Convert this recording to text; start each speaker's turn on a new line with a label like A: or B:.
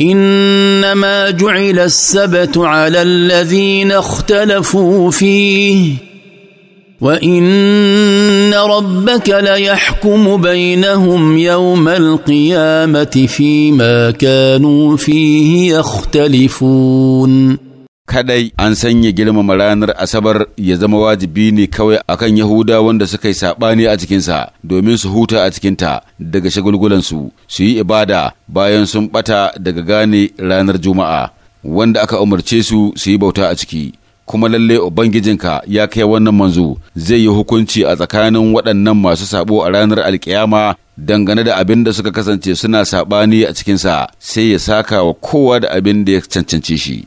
A: انما جعل السبت على الذين اختلفوا فيه وان ربك ليحكم بينهم يوم القيامه فيما كانوا فيه يختلفون
B: kadai an sanya girmama ranar asabar ya zama wajibi ne kawai a kan yahuda wanda suka yi saɓani a cikinsa domin su huta a cikinta daga shagulgulansu su yi ibada bayan sun bata daga gane ranar juma'a wanda aka umarce su su yi bauta a ciki kuma lalle ubangijinka ya kai wannan manzo zai yi hukunci a tsakanin waɗannan masu sabo a ranar alkiyama dangane da abin da suka kasance suna saɓani a cikinsa sai ya saka wa kowa da abin da ya cancanci shi